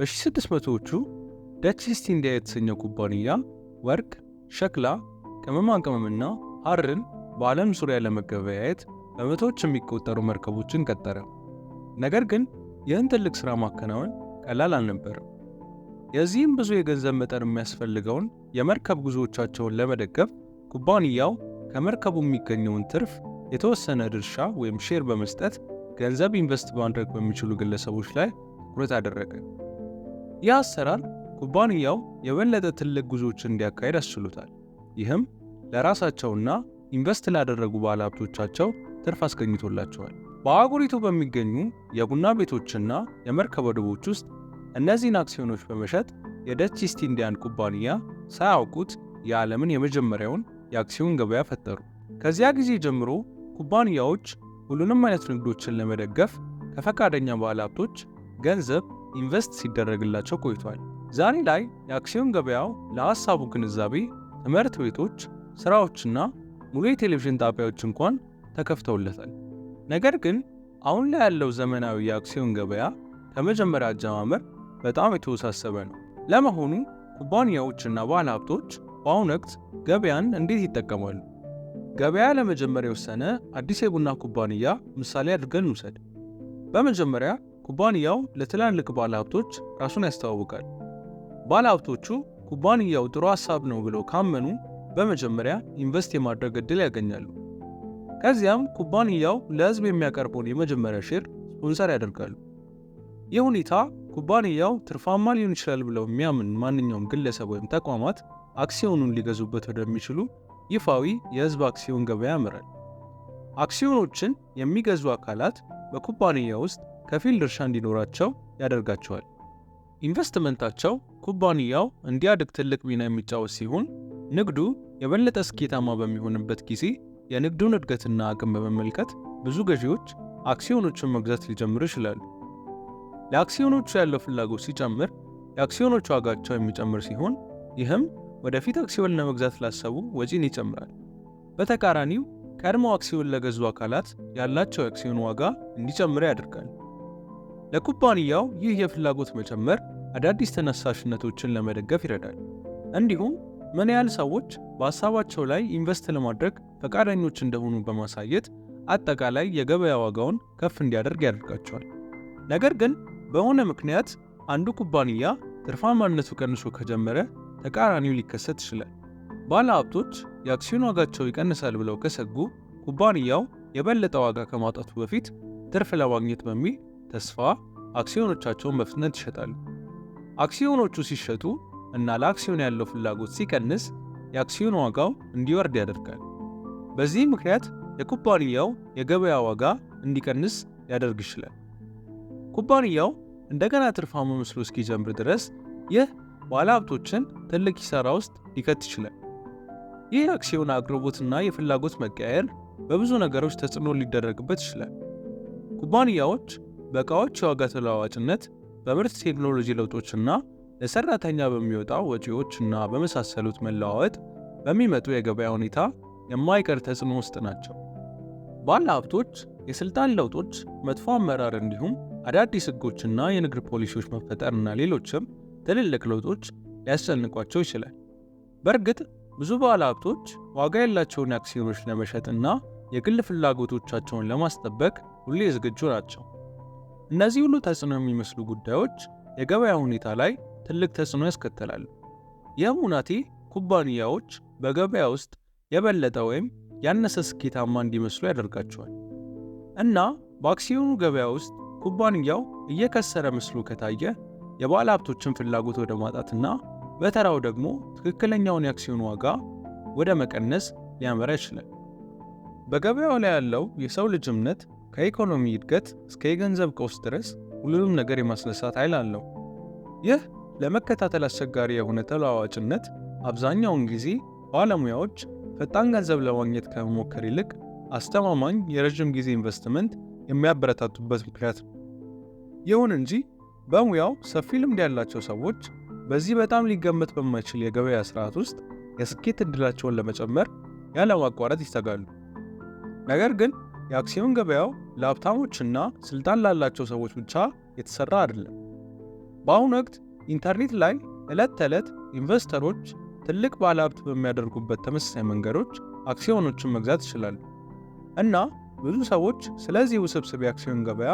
በ1600ዎቹ ደች ኢስት ኢንዲያ የተሰኘው ኩባንያ ወርቅ፣ ሸክላ፣ ቅመማ ቅመምና ሐርን በዓለም ዙሪያ ለመገበያየት በመቶዎች የሚቆጠሩ መርከቦችን ቀጠረ። ነገር ግን ይህን ትልቅ ሥራ ማከናወን ቀላል አልነበርም። የዚህም ብዙ የገንዘብ መጠን የሚያስፈልገውን የመርከብ ጉዞዎቻቸውን ለመደገፍ ኩባንያው ከመርከቡ የሚገኘውን ትርፍ የተወሰነ ድርሻ ወይም ሼር በመስጠት ገንዘብ ኢንቨስት ማድረግ በሚችሉ ግለሰቦች ላይ ትኩረት አደረገ። ይህ አሰራር ኩባንያው የበለጠ ትልቅ ጉዞዎችን እንዲያካሄድ አስችሎታል። ይህም ለራሳቸውና ኢንቨስት ላደረጉ ባለሀብቶቻቸው ትርፍ አስገኝቶላቸዋል። በአህጉሪቱ በሚገኙ የቡና ቤቶችና የመርከብ ወደቦች ውስጥ እነዚህን አክሲዮኖች በመሸጥ የደች ኢስት ኢንዲያን ኩባንያ ሳያውቁት የዓለምን የመጀመሪያውን የአክሲዮን ገበያ ፈጠሩ። ከዚያ ጊዜ ጀምሮ ኩባንያዎች ሁሉንም አይነት ንግዶችን ለመደገፍ ከፈቃደኛ ባለሀብቶች ገንዘብ ኢንቨስት ሲደረግላቸው ቆይቷል። ዛሬ ላይ የአክሲዮን ገበያው ለሐሳቡ ግንዛቤ ትምህርት ቤቶች፣ ሥራዎችና ሙሉ የቴሌቪዥን ጣቢያዎች እንኳን ተከፍተውለታል። ነገር ግን አሁን ላይ ያለው ዘመናዊ የአክሲዮን ገበያ ከመጀመሪያ አጀማመር በጣም የተወሳሰበ ነው። ለመሆኑ ኩባንያዎችና ባለ ሀብቶች በአሁኑ ወቅት ገበያን እንዴት ይጠቀማሉ? ገበያ ለመጀመር የወሰነ አዲስ የቡና ኩባንያ ምሳሌ አድርገን እንውሰድ። በመጀመሪያ ኩባንያው ለትላልቅ ባለሀብቶች ራሱን ያስተዋውቃል። ባለሀብቶቹ ኩባንያው ጥሩ ሀሳብ ነው ብለው ካመኑ በመጀመሪያ ኢንቨስት የማድረግ ዕድል ያገኛሉ። ከዚያም ኩባንያው ለሕዝብ የሚያቀርበውን የመጀመሪያ ሼር ስፖንሰር ያደርጋሉ። ይህ ሁኔታ ኩባንያው ትርፋማ ሊሆን ይችላል ብለው የሚያምን ማንኛውም ግለሰብ ወይም ተቋማት አክሲዮኑን ሊገዙበት ወደሚችሉ ይፋዊ የሕዝብ አክሲዮን ገበያ ያመራል። አክሲዮኖችን የሚገዙ አካላት በኩባንያ ውስጥ ከፊል ድርሻ እንዲኖራቸው ያደርጋቸዋል። ኢንቨስትመንታቸው ኩባንያው እንዲያድግ ትልቅ ሚና የሚጫወት ሲሆን ንግዱ የበለጠ ስኬታማ በሚሆንበት ጊዜ የንግዱን እድገትና አቅም በመመልከት ብዙ ገዢዎች አክሲዮኖችን መግዛት ሊጀምሩ ይችላሉ። ለአክሲዮኖቹ ያለው ፍላጎት ሲጨምር የአክሲዮኖቹ ዋጋቸው የሚጨምር ሲሆን ይህም ወደፊት አክሲዮን ለመግዛት ላሰቡ ወጪን ይጨምራል። በተቃራኒው ቀድሞ አክሲዮን ለገዙ አካላት ያላቸው የአክሲዮን ዋጋ እንዲጨምር ያደርጋል። ለኩባንያው ይህ የፍላጎት መጨመር አዳዲስ ተነሳሽነቶችን ለመደገፍ ይረዳል። እንዲሁም ምን ያህል ሰዎች በሐሳባቸው ላይ ኢንቨስት ለማድረግ ፈቃደኞች እንደሆኑ በማሳየት አጠቃላይ የገበያ ዋጋውን ከፍ እንዲያደርግ ያደርጋቸዋል። ነገር ግን በሆነ ምክንያት አንዱ ኩባንያ ትርፋማነቱ ቀንሶ ከጀመረ ተቃራኒው ሊከሰት ይችላል። ባለ ሀብቶች የአክሲዮን ዋጋቸው ይቀንሳል ብለው ከሰጉ ኩባንያው የበለጠ ዋጋ ከማውጣቱ በፊት ትርፍ ለማግኘት በሚል ተስፋ አክሲዮኖቻቸውን በፍጥነት ይሸጣሉ። አክሲዮኖቹ ሲሸጡ እና ለአክሲዮን ያለው ፍላጎት ሲቀንስ የአክሲዮን ዋጋው እንዲወርድ ያደርጋል። በዚህ ምክንያት የኩባንያው የገበያ ዋጋ እንዲቀንስ ሊያደርግ ይችላል። ኩባንያው እንደገና ትርፋማ መስሎ እስኪጀምር ድረስ ይህ ባለሀብቶችን ትልቅ ኪሳራ ውስጥ ሊከት ይችላል። ይህ የአክሲዮን አቅርቦትና የፍላጎት መቀየር በብዙ ነገሮች ተጽዕኖ ሊደረግበት ይችላል። ኩባንያዎች በእቃዎች የዋጋ ተለዋዋጭነት በምርት ቴክኖሎጂ ለውጦችና ለሰራተኛ በሚወጣው ወጪዎችና በመሳሰሉት መለዋወጥ በሚመጡ የገበያ ሁኔታ የማይቀር ተጽዕኖ ውስጥ ናቸው። ባለ ሀብቶች የሥልጣን ለውጦች፣ መጥፎ አመራር፣ እንዲሁም አዳዲስ ሕጎችና የንግድ ፖሊሲዎች መፈጠርና ሌሎችም ትልልቅ ለውጦች ሊያስጨንቋቸው ይችላል። በእርግጥ ብዙ ባለ ሀብቶች ዋጋ ያላቸውን አክሲዮኖች ለመሸጥና የግል ፍላጎቶቻቸውን ለማስጠበቅ ሁሌ ዝግጁ ናቸው። እነዚህ ሁሉ ተጽዕኖ የሚመስሉ ጉዳዮች የገበያ ሁኔታ ላይ ትልቅ ተጽዕኖ ያስከትላሉ። ይህም ሁናቴ ኩባንያዎች በገበያ ውስጥ የበለጠ ወይም ያነሰ ስኬታማ እንዲመስሉ ያደርጋቸዋል እና በአክሲዮኑ ገበያ ውስጥ ኩባንያው እየከሰረ ምስሉ ከታየ የባለ ሀብቶችን ፍላጎት ወደ ማጣትና በተራው ደግሞ ትክክለኛውን የአክሲዮን ዋጋ ወደ መቀነስ ሊያመራ ይችላል። በገበያው ላይ ያለው የሰው ልጅ እምነት ከኢኮኖሚ እድገት እስከ የገንዘብ ቀውስ ድረስ ሁሉንም ነገር የማስነሳት ኃይል አለው። ይህ ለመከታተል አስቸጋሪ የሆነ ተለዋዋጭነት አብዛኛውን ጊዜ ባለሙያዎች ፈጣን ገንዘብ ለማግኘት ከመሞከር ይልቅ አስተማማኝ የረዥም ጊዜ ኢንቨስትመንት የሚያበረታቱበት ምክንያት ነው። ይሁን እንጂ በሙያው ሰፊ ልምድ ያላቸው ሰዎች በዚህ በጣም ሊገመት በማይችል የገበያ ስርዓት ውስጥ የስኬት እድላቸውን ለመጨመር ያለማቋረጥ ይሰጋሉ። ነገር ግን የአክሲዮን ገበያው ለሀብታሞችና ስልጣን ላላቸው ሰዎች ብቻ የተሰራ አይደለም። በአሁኑ ወቅት ኢንተርኔት ላይ ዕለት ተዕለት ኢንቨስተሮች ትልቅ ባለሀብት በሚያደርጉበት ተመሳሳይ መንገዶች አክሲዮኖችን መግዛት ይችላሉ እና ብዙ ሰዎች ስለዚህ ውስብስብ የአክሲዮን ገበያ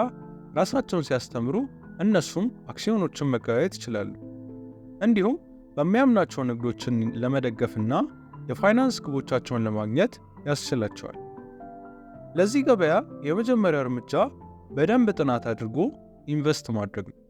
ራሳቸውን ሲያስተምሩ እነሱም አክሲዮኖችን መገበያየት ይችላሉ። እንዲሁም በሚያምናቸው ንግዶችን ለመደገፍና የፋይናንስ ግቦቻቸውን ለማግኘት ያስችላቸዋል። ለዚህ ገበያ የመጀመሪያ እርምጃ በደንብ ጥናት አድርጎ ኢንቨስት ማድረግ ነው።